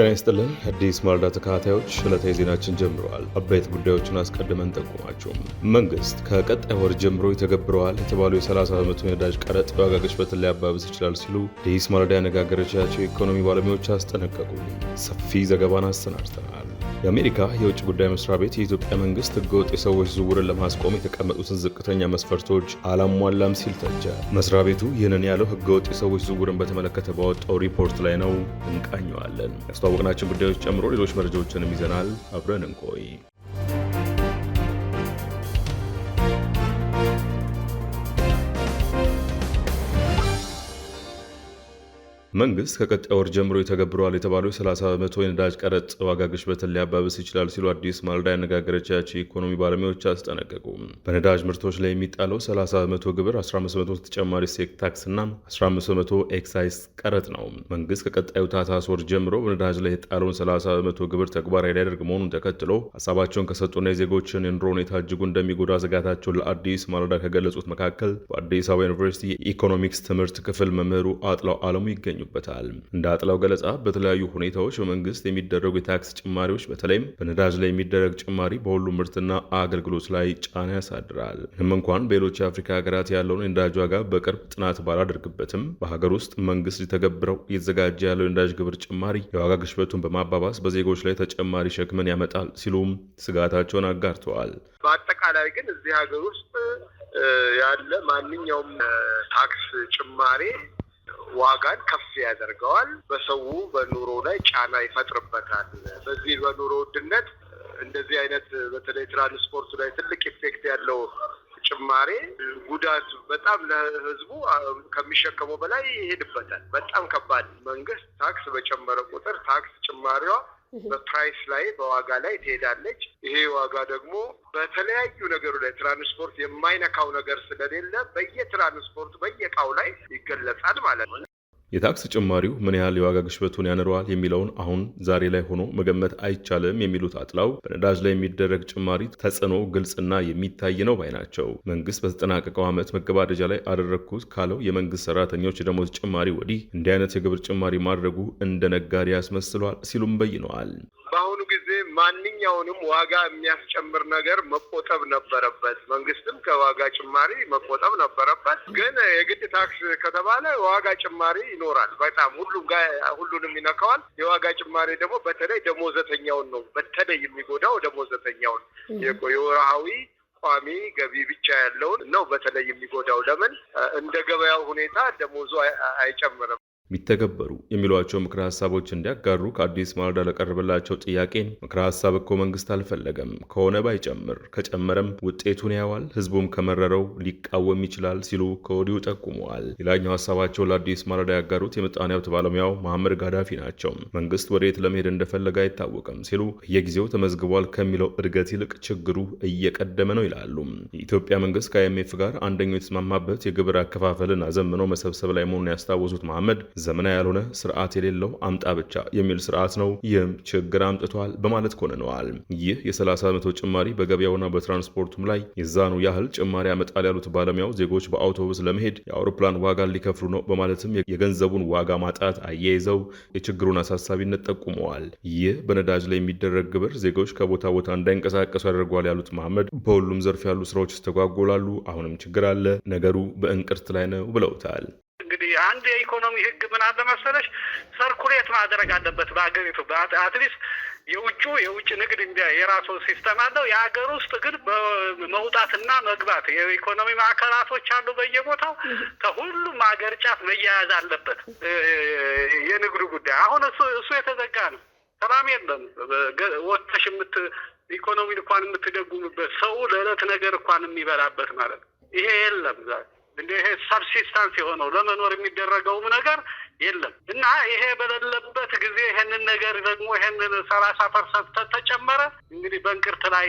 ጤና ይስጥልን አዲስ ማለዳ ተከታታዮች፣ ዕለታዊ ዜናችን ጀምረዋል። አበይት ጉዳዮችን አስቀድመን ጠቁማቸውም መንግስት ከቀጣይ ወር ጀምሮ ይተገብረዋል የተባሉ የ30 በመቶ የነዳጅ ቀረጥ የዋጋ ግሽበትን ሊያባብስ ይችላል ሲሉ አዲስ ማለዳ ያነጋገረቻቸው የኢኮኖሚ ባለሙያዎች አስጠነቀቁ። ሰፊ ዘገባን አሰናድተናል። የአሜሪካ የውጭ ጉዳይ መስሪያ ቤት የኢትዮጵያ መንግስት ህገወጥ የሰዎች ዝውውርን ለማስቆም የተቀመጡትን ዝቅተኛ መስፈርቶች አላሟላም ሲል ተቸ። መስሪያ ቤቱ ይህንን ያለው ህገወጥ የሰዎች ዝውውርን በተመለከተ ባወጣው ሪፖርት ላይ ነው። እንቃኘዋለን። ካስተዋወቅናቸው ጉዳዮች ጨምሮ ሌሎች መረጃዎችንም ይዘናል። አብረን እንቆይ። መንግስት ከቀጣይ ወር ጀምሮ የተገብረዋል የተባለው የ30 በመቶ የነዳጅ ቀረጥ ዋጋ ግሽበትን ሊያባብስ ይችላል ሲሉ አዲስ ማለዳ ያነጋገረቻቸው የኢኮኖሚ ባለሙያዎች አስጠነቀቁ። በነዳጅ ምርቶች ላይ የሚጣለው 30 በመቶ ግብር፣ 15 በመቶ ተጨማሪ እሴት ታክስና 15 በመቶ ኤክሳይስ ቀረጥ ነው። መንግስት ከቀጣዩ ታህሳስ ወር ጀምሮ በነዳጅ ላይ የጣለውን 30 በመቶ ግብር ተግባራዊ ሊያደርግ መሆኑን ተከትሎ ሀሳባቸውን ከሰጡና የዜጎችን የኑሮ ሁኔታ እጅጉ እንደሚጎዳ ስጋታቸውን ለአዲስ ማለዳ ከገለጹት መካከል በአዲስ አበባ ዩኒቨርሲቲ የኢኮኖሚክስ ትምህርት ክፍል መምህሩ አጥላው አለሙ ይገኙ ይገኙበታል። እንደ አጥላው ገለጻ በተለያዩ ሁኔታዎች በመንግስት የሚደረጉ የታክስ ጭማሪዎች በተለይም በነዳጅ ላይ የሚደረግ ጭማሪ በሁሉም ምርትና አገልግሎት ላይ ጫና ያሳድራል። ምንም እንኳን በሌሎች የአፍሪካ ሀገራት ያለውን የነዳጅ ዋጋ በቅርብ ጥናት ባላደርግበትም በሀገር ውስጥ መንግስት ሊተገብረው እየተዘጋጀ ያለው የነዳጅ ግብር ጭማሪ የዋጋ ግሽበቱን በማባባስ በዜጎች ላይ ተጨማሪ ሸክምን ያመጣል ሲሉም ስጋታቸውን አጋርተዋል። በአጠቃላይ ግን እዚህ ሀገር ውስጥ ያለ ማንኛውም ታክስ ጭማሬ ዋጋን ከፍ ያደርገዋል። በሰው በኑሮ ላይ ጫና ይፈጥርበታል። በዚህ በኑሮ ውድነት እንደዚህ አይነት በተለይ ትራንስፖርቱ ላይ ትልቅ ኢፌክት ያለው ጭማሬ ጉዳት በጣም ለህዝቡ ከሚሸከመው በላይ ይሄድበታል። በጣም ከባድ መንግስት ታክስ በጨመረ ቁጥር ታክስ ጭማሪዋ በፕራይስ ላይ በዋጋ ላይ ትሄዳለች። ይሄ ዋጋ ደግሞ በተለያዩ ነገሩ ላይ ትራንስፖርት የማይነካው ነገር ስለሌለ በየትራንስፖርቱ በየእቃው ላይ ይገለጻል ማለት ነው። የታክስ ጭማሪው ምን ያህል የዋጋ ግሽበቱን ያንረዋል የሚለውን አሁን ዛሬ ላይ ሆኖ መገመት አይቻልም የሚሉት አጥላው በነዳጅ ላይ የሚደረግ ጭማሪ ተጽዕኖ ግልጽና የሚታይ ነው ባይ ናቸው። መንግስት በተጠናቀቀው ዓመት መገባደጃ ላይ አደረግኩት ካለው የመንግስት ሰራተኞች የደሞዝ ጭማሪ ወዲህ እንዲህ አይነት የግብር ጭማሪ ማድረጉ እንደ ነጋዴ ያስመስሏል ሲሉም በይነዋል። ማንኛውንም ዋጋ የሚያስጨምር ነገር መቆጠብ ነበረበት። መንግስትም ከዋጋ ጭማሪ መቆጠብ ነበረበት። ግን የግድ ታክስ ከተባለ ዋጋ ጭማሪ ይኖራል። በጣም ሁሉም ጋር ሁሉንም ይነካዋል። የዋጋ ጭማሪ ደግሞ በተለይ ደሞዘተኛውን ነው በተለይ የሚጎዳው ደሞዘተኛውን የወርሃዊ ቋሚ ገቢ ብቻ ያለውን ነው በተለይ የሚጎዳው። ለምን እንደ ገበያው ሁኔታ ደሞዙ አይጨምርም። ቢተገበሩ የሚሏቸው ምክረ ሀሳቦች እንዲያጋሩ ከአዲስ ማለዳ ለቀረበላቸው ጥያቄ ምክረ ሀሳብ እኮ መንግስት አልፈለገም ከሆነ ባይጨምር ከጨመረም ውጤቱን ያዋል ህዝቡም ከመረረው ሊቃወም ይችላል ሲሉ ከወዲሁ ጠቁመዋል። ሌላኛው ሀሳባቸው ለአዲስ ማለዳ ያጋሩት የምጣኔ ሀብት ባለሙያው መሐመድ ጋዳፊ ናቸው። መንግስት ወዴት ለመሄድ እንደፈለገ አይታወቅም ሲሉ በየጊዜው ተመዝግቧል ከሚለው እድገት ይልቅ ችግሩ እየቀደመ ነው ይላሉ። የኢትዮጵያ መንግስት ከአይኤምኤፍ ጋር አንደኛው የተስማማበት የግብር አከፋፈልን አዘምኖ መሰብሰብ ላይ መሆኑን ያስታወሱት መሐመድ ዘመናዊ ያልሆነ ስርዓት የሌለው አምጣ ብቻ የሚል ስርዓት ነው። ይህም ችግር አምጥቷል በማለት ኮንነዋል። ይህ የ30 በመቶ ጭማሪ በገበያውና በትራንስፖርቱም ላይ የዛኑ ያህል ጭማሪ ያመጣል ያሉት ባለሙያው ዜጎች በአውቶቡስ ለመሄድ የአውሮፕላን ዋጋ ሊከፍሉ ነው በማለትም የገንዘቡን ዋጋ ማጣት አያይዘው የችግሩን አሳሳቢነት ጠቁመዋል። ይህ በነዳጅ ላይ የሚደረግ ግብር ዜጎች ከቦታ ቦታ እንዳይንቀሳቀሱ ያደርገዋል ያሉት መሐመድ በሁሉም ዘርፍ ያሉ ስራዎች ይስተጓጎላሉ፣ አሁንም ችግር አለ፣ ነገሩ በእንቅርት ላይ ነው ብለውታል። አንድ የኢኮኖሚ ህግ ምን አለ መሰለሽ ሰርኩሌት ማድረግ አለበት በሀገሪቱ አትሊስት የውጩ የውጭ ንግድ እንዲያ የራሱ ሲስተም አለው። የሀገር ውስጥ ግን መውጣትና መግባት የኢኮኖሚ ማዕከላቶች አሉ በየቦታው ከሁሉም ሀገር ጫፍ መያያዝ አለበት የንግዱ ጉዳይ። አሁን እሱ እሱ የተዘጋ ነው። ሰላም የለም። ወጥተሽ የምት ኢኮኖሚ እንኳን የምትደጉምበት ሰው ለዕለት ነገር እንኳን የሚበላበት ማለት ነው። ይሄ የለም ዛሬ እንደ ይሄ ሰብሲስታንስ የሆነው ለመኖር የሚደረገውም ነገር የለም እና ይሄ በሌለበት ጊዜ ይሄንን ነገር ደግሞ ይሄንን ሰላሳ ፐርሰንት ተጨመረ። እንግዲህ በእንቅርት ላይ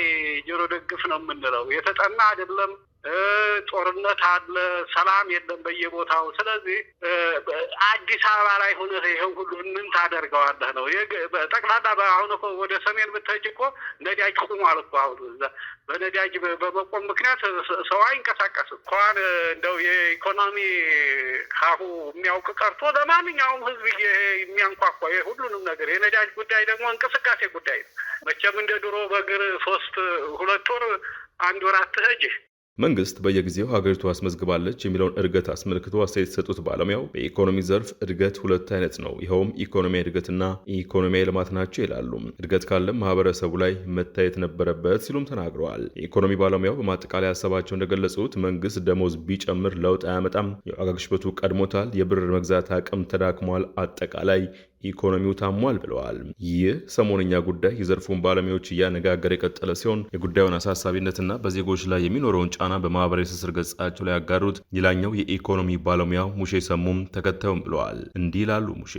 ጆሮ ደግፍ ነው የምንለው። የተጠና አይደለም። ጦርነት አለ፣ ሰላም የለም በየቦታው። ስለዚህ አዲስ አበባ ላይ ሆነ ይሄን ሁሉ ምን ታደርገዋለህ ነው ጠቅላላ። አሁን እኮ ወደ ሰሜን ብትሄጂ እኮ ነዳጅ ቁሟል እኮ አሁን በነዳጅ በመቆም ምክንያት ሰው አይንቀሳቀስም። እንኳን እንደው የኢኮኖሚ ሀሁ የሚያውቅ ቀርቶ ለማ ማንኛውም ህዝብ የሚያንኳኳ ሁሉንም ነገር የነዳጅ ጉዳይ ደግሞ እንቅስቃሴ ጉዳይ ነው። መቼም እንደ ድሮ በእግር ሶስት ሁለት ወር አንድ ወር አትሄጂ መንግስት በየጊዜው ሀገሪቱ አስመዝግባለች የሚለውን እድገት አስመልክቶ አስተያየት የሰጡት ባለሙያው በኢኮኖሚ ዘርፍ እድገት ሁለት አይነት ነው፣ ይኸውም ኢኮኖሚያዊ እድገትና ኢኮኖሚያዊ ልማት ናቸው ይላሉ። እድገት ካለም ማህበረሰቡ ላይ መታየት ነበረበት ሲሉም ተናግረዋል። የኢኮኖሚ ባለሙያው በማጠቃለያ ሀሳባቸው እንደገለጹት መንግስት ደሞዝ ቢጨምር ለውጥ አያመጣም፣ የዋጋ ግሽበቱ ቀድሞታል፣ የብር መግዛት አቅም ተዳክሟል፣ አጠቃላይ ኢኮኖሚው ታሟል ብለዋል። ይህ ሰሞነኛ ጉዳይ የዘርፉን ባለሙያዎች እያነጋገረ የቀጠለ ሲሆን የጉዳዩን አሳሳቢነትና በዜጎች ላይ የሚኖረውን ጫና በማህበራዊ ትስስር ገጻቸው ላይ ያጋሩት ሌላኛው የኢኮኖሚ ባለሙያ ሙሼ ሰሙም ተከታዩም ብለዋል። እንዲህ ይላሉ ሙሼ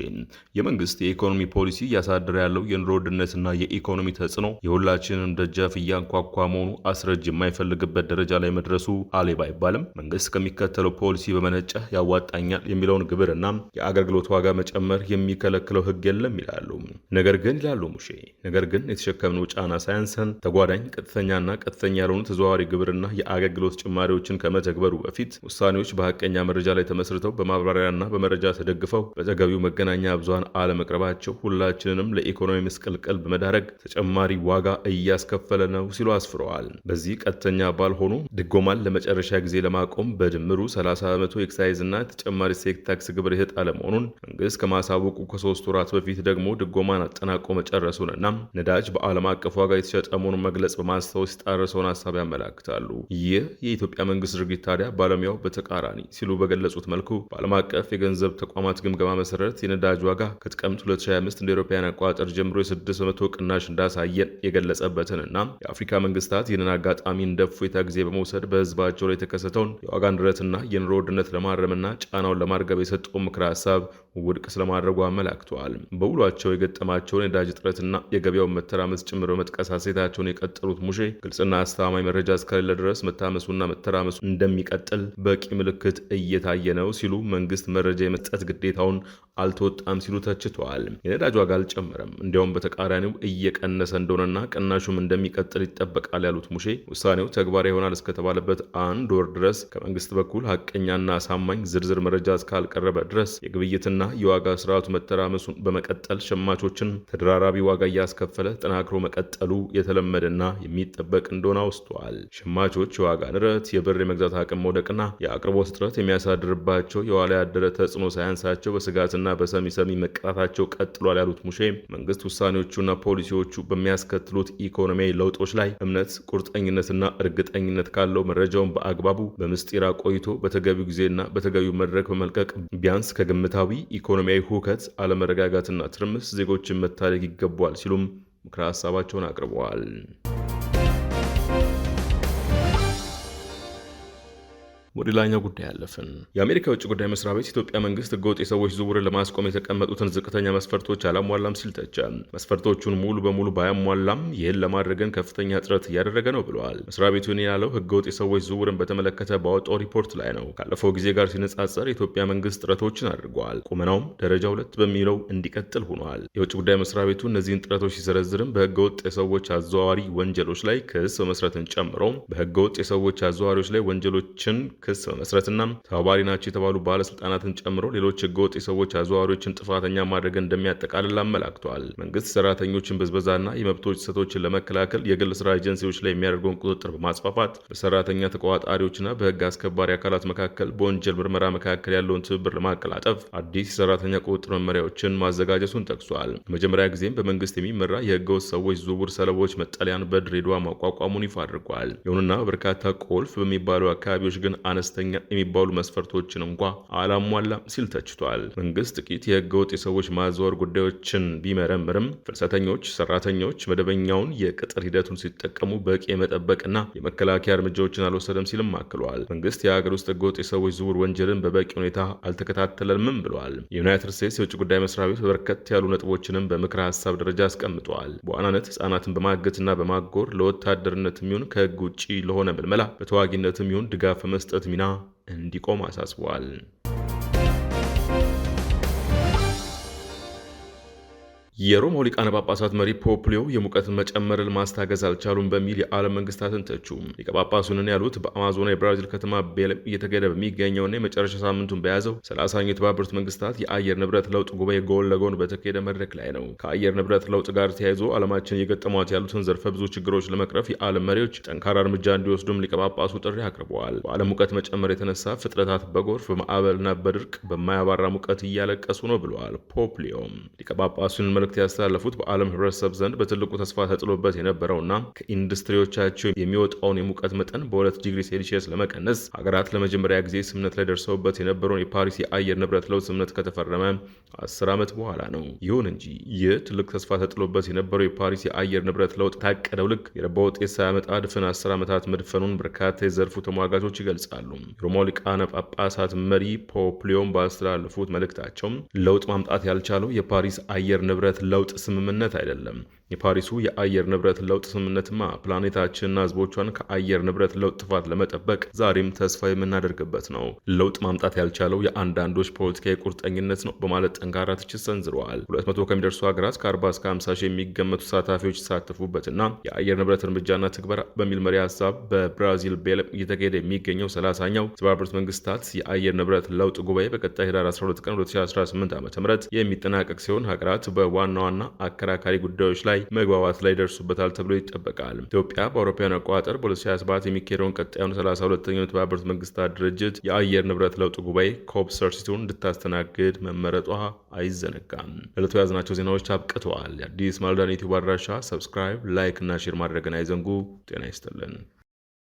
የመንግስት የኢኮኖሚ ፖሊሲ እያሳደረ ያለው የኑሮ ውድነትና የኢኮኖሚ ተጽዕኖ የሁላችንም ደጃፍ እያንኳኳ መሆኑ አስረጅ የማይፈልግበት ደረጃ ላይ መድረሱ አሌባ አይባልም። መንግስት ከሚከተለው ፖሊሲ በመነጨ ያዋጣኛል የሚለውን ግብርና የአገልግሎት ዋጋ መጨመር የሚከለክል የሚከለክለው ህግ የለም ይላሉ። ነገር ግን ይላሉ ሙሼ ነገር ግን የተሸከምነው ጫና ሳያንሰን ተጓዳኝ ቀጥተኛና ቀጥተኛ ያልሆኑ ተዘዋዋሪ ግብርና የአገልግሎት ጭማሪዎችን ከመተግበሩ በፊት ውሳኔዎች በሀቀኛ መረጃ ላይ ተመስርተው በማብራሪያና በመረጃ ተደግፈው በተገቢው መገናኛ ብዙሃን አለመቅረባቸው ሁላችንንም ለኢኮኖሚ ምስቅልቅል በመዳረግ ተጨማሪ ዋጋ እያስከፈለ ነው ሲሉ አስፍረዋል። በዚህ ቀጥተኛ ባልሆኑ ድጎማን ለመጨረሻ ጊዜ ለማቆም በድምሩ 30 በመቶ ኤክሳይዝ እና ተጨማሪ ሴክ ታክስ ግብር የጣለ መሆኑን መንግስት ከማሳወቁ ከሶስት ከሶስት ወራት በፊት ደግሞ ድጎማን አጠናቆ መጨረሱንና ነዳጅ በዓለም አቀፍ ዋጋ የተሸጠ መሆኑን መግለጽ በማስታወስ የጣረሰውን ሀሳብ ያመላክታሉ። ይህ የኢትዮጵያ መንግስት ድርጊት ታዲያ ባለሙያው በተቃራኒ ሲሉ በገለጹት መልኩ በዓለም አቀፍ የገንዘብ ተቋማት ግምገማ መሰረት የነዳጅ ዋጋ ከጥቅምት 2025 እንደ አውሮፓውያን አቆጣጠር ጀምሮ የ6 በመቶ ቅናሽ እንዳሳየን የገለጸበትንና የአፍሪካ መንግስታት ይህንን አጋጣሚ እንደ እፎይታ ጊዜ በመውሰድ በህዝባቸው ላይ የተከሰተውን የዋጋ ንረትና የኑሮ ውድነት ለማረምና ጫናውን ለማርገብ የሰጠውን ምክረ ሀሳብ ውድቅ ስለማድረጉ አመላክቷል። ተመልክተዋል። በውሏቸው የገጠማቸውን የዳጅ እጥረትና የገበያውን መተራመስ ጭምር በመጥቀስ ሀሴታቸውን የቀጠሉት ሙሼ ግልጽና አስተማማኝ መረጃ እስከሌለ ድረስ መታመሱና መተራመሱ እንደሚቀጥል በቂ ምልክት እየታየ ነው ሲሉ መንግስት መረጃ የመስጠት ግዴታውን አልተወጣም ሲሉ ተችተዋል። የነዳጅ ዋጋ አልጨመረም፣ እንዲያውም በተቃራኒው እየቀነሰ እንደሆነና ቅናሹም እንደሚቀጥል ይጠበቃል ያሉት ሙሼ ውሳኔው ተግባራዊ ይሆናል እስከተባለበት አንድ ወር ድረስ ከመንግስት በኩል ሀቀኛና አሳማኝ ዝርዝር መረጃ እስካልቀረበ ድረስ የግብይትና የዋጋ ስርዓቱ መተራመሱ ማድረሱን በመቀጠል ሸማቾችን ተደራራቢ ዋጋ እያስከፈለ ጠናክሮ መቀጠሉ የተለመደና የሚጠበቅ እንደሆነ አውስተዋል። ሸማቾች የዋጋ ንረት፣ የብር የመግዛት አቅም መውደቅና የአቅርቦት እጥረት የሚያሳድርባቸው የኋላ ያደረ ተጽዕኖ ሳያንሳቸው በስጋትና በሰሚ ሰሚ መቀጣታቸው ቀጥሏል ያሉት ሙሼ መንግስት ውሳኔዎቹና ፖሊሲዎቹ በሚያስከትሉት ኢኮኖሚያዊ ለውጦች ላይ እምነት፣ ቁርጠኝነትና እርግጠኝነት ካለው መረጃውን በአግባቡ በምስጢር አቆይቶ በተገቢው ጊዜና በተገቢው መድረክ በመልቀቅ ቢያንስ ከግምታዊ ኢኮኖሚያዊ ሁከት አለመረ መረጋጋትና ትርምስ ዜጎችን መታደግ ይገባል ሲሉም ምክረ ሀሳባቸውን አቅርበዋል። ወደ ላይኛው ጉዳይ አለፍን። የአሜሪካ የውጭ ጉዳይ መስሪያ ቤት ኢትዮጵያ መንግስት ህገወጥ የሰዎች ዝውውርን ለማስቆም የተቀመጡትን ዝቅተኛ መስፈርቶች አላሟላም ሲል ተቸ። መስፈርቶቹን ሙሉ በሙሉ ባያሟላም ይህን ለማድረግን ከፍተኛ ጥረት እያደረገ ነው ብለዋል። መስሪያ ቤቱን ያለው ህገወጥ የሰዎች ዝውውርን በተመለከተ ባወጣው ሪፖርት ላይ ነው። ካለፈው ጊዜ ጋር ሲነጻጸር የኢትዮጵያ መንግስት ጥረቶችን አድርገዋል። ቁመናውም ደረጃ ሁለት በሚለው እንዲቀጥል ሆኗል። የውጭ ጉዳይ መስሪያ ቤቱ እነዚህን ጥረቶች ሲዘረዝርም በህገወጥ የሰዎች አዘዋዋሪ ወንጀሎች ላይ ክስ በመስረትን ጨምሮ በህገወጥ የሰዎች አዘዋዋሪዎች ላይ ወንጀሎችን ክስ በመስረትና ተባባሪ ናቸው የተባሉ ባለስልጣናትን ጨምሮ ሌሎች ህገወጥ የሰዎች አዘዋዋሪዎችን ጥፋተኛ ማድረግ እንደሚያጠቃልል አመላክተዋል። መንግስት ሰራተኞችን ብዝበዛና የመብቶች ጥሰቶችን ለመከላከል የግል ስራ ኤጀንሲዎች ላይ የሚያደርገውን ቁጥጥር በማስፋፋት በሰራተኛ ተቆጣጣሪዎችና በህግ አስከባሪ አካላት መካከል በወንጀል ምርመራ መካከል ያለውን ትብብር ለማቀላጠፍ አዲስ የሰራተኛ ቁጥጥር መመሪያዎችን ማዘጋጀቱን ጠቅሷል። መጀመሪያ ጊዜም በመንግስት የሚመራ የህገወጥ ሰዎች ዝውውር ሰለቦች መጠለያን በድሬዳዋ ማቋቋሙን ይፋ አድርጓል። ይሁንና በርካታ ቁልፍ በሚባሉ አካባቢዎች ግን አነስተኛ የሚባሉ መስፈርቶችን እንኳ አላሟላም ሲል ተችቷል። መንግስት ጥቂት የህገወጥ የሰዎች ማዘወር ጉዳዮችን ቢመረምርም ፍልሰተኞች ሰራተኞች መደበኛውን የቅጥር ሂደቱን ሲጠቀሙ በቂ የመጠበቅና የመከላከያ እርምጃዎችን አልወሰደም ሲልም አክሏል። መንግስት የሀገር ውስጥ ህገወጥ የሰዎች ዝውውር ወንጀልን በበቂ ሁኔታ አልተከታተለምም ብለዋል። የዩናይትድ ስቴትስ የውጭ ጉዳይ መስሪያ ቤት በርከት ያሉ ነጥቦችንም በምክረ ሀሳብ ደረጃ አስቀምጠዋል። በዋናነት ህጻናትን በማገትና በማጎር ለወታደርነት የሚሆን ከህግ ውጭ ለሆነ ምልመላ በተዋጊነትም ይሁን ድጋፍ መስጠት ሚና እንዲቆም አሳስበዋል። የሮማው ሊቃነ ጳጳሳት መሪ ፖፕ ሊዮ የሙቀት መጨመርን ማስታገዝ አልቻሉም በሚል የዓለም መንግስታትን ተቹ። ሊቀ ጳጳሱንን ያሉት በአማዞና የብራዚል ከተማ ቤለም እየተገደ በሚገኘውና የመጨረሻ ሳምንቱን በያዘው ሰላሳኛው የተባበሩት መንግስታት የአየር ንብረት ለውጥ ጉባኤ ጎን ለጎን በተካሄደ መድረክ ላይ ነው። ከአየር ንብረት ለውጥ ጋር ተያይዞ ዓለማችን እየገጠሟት ያሉትን ዘርፈ ብዙ ችግሮች ለመቅረፍ የዓለም መሪዎች ጠንካራ እርምጃ እንዲወስዱም ሊቀ ጳጳሱ ጥሪ አቅርበዋል። በዓለም ሙቀት መጨመር የተነሳ ፍጥረታት በጎርፍ በማዕበልና በድርቅ በማያባራ ሙቀት እያለቀሱ ነው ብለዋል ፖፕ ሊዮም ሊቀ ጳጳሱን መልእክት ያስተላለፉት በዓለም ህብረተሰብ ዘንድ በትልቁ ተስፋ ተጥሎበት የነበረውና ከኢንዱስትሪዎቻቸው የሚወጣውን የሙቀት መጠን በሁለት ዲግሪ ሴልሺየስ ለመቀነስ ሀገራት ለመጀመሪያ ጊዜ ስምነት ላይ ደርሰውበት የነበረውን የፓሪስ የአየር ንብረት ለውጥ ስምነት ከተፈረመ አስር ዓመት በኋላ ነው። ይሁን እንጂ ይህ ትልቅ ተስፋ ተጥሎበት የነበረው የፓሪስ የአየር ንብረት ለውጥ ታቀደው ልክ የረባ ውጤት ሳያመጣ ድፍን አስር ዓመታት መድፈኑን በርካታ የዘርፉ ተሟጋቾች ይገልጻሉ። የሮማው ሊቃነ ጳጳሳት መሪ ፖፕ ሊዮን ባስተላለፉት መልእክታቸው ለውጥ ማምጣት ያልቻለው የፓሪስ አየር ንብረት ለውጥ ስምምነት አይደለም። የፓሪሱ የአየር ንብረት ለውጥ ስምምነትማ ፕላኔታችንና ህዝቦቿን ከአየር ንብረት ለውጥ ጥፋት ለመጠበቅ ዛሬም ተስፋ የምናደርግበት ነው። ለውጥ ማምጣት ያልቻለው የአንዳንዶች ፖለቲካዊ ቁርጠኝነት ነው በማለት ጠንካራ ትችት ሰንዝረዋል። 200 ከሚደርሱ ሀገራት ከ40 እስከ 50 ሺህ የሚገመቱ ተሳታፊዎች የተሳተፉበትና የአየር ንብረት እርምጃና ትግበራ በሚል መሪ ሀሳብ በብራዚል ቤለም እየተካሄደ የሚገኘው 30ኛው የተባበሩት መንግስታት የአየር ንብረት ለውጥ ጉባኤ በቀጣይ ህዳር 12 ቀን 2018 ዓ ም የሚጠናቀቅ ሲሆን ሀገራት በዋና ዋና አከራካሪ ጉዳዮች ላይ መግባባት ላይ ደርሱበታል ተብሎ ይጠበቃል። ኢትዮጵያ በአውሮፓውያን አቆጣጠር በ2027 የሚካሄደውን ቀጣዩን 32ኛው የተባበሩት መንግስታት ድርጅት የአየር ንብረት ለውጥ ጉባኤ ኮፕ ሰርሲቱን እንድታስተናግድ መመረጧ አይዘነጋም። ለዕለቱ የያዝናቸው ዜናዎች አብቅተዋል። የአዲስ ማለዳን ዩቲዩብ አድራሻ ሰብስክራይብ፣ ላይክ እና ሼር ማድረግን አይዘንጉ። ጤና ይስጥልን።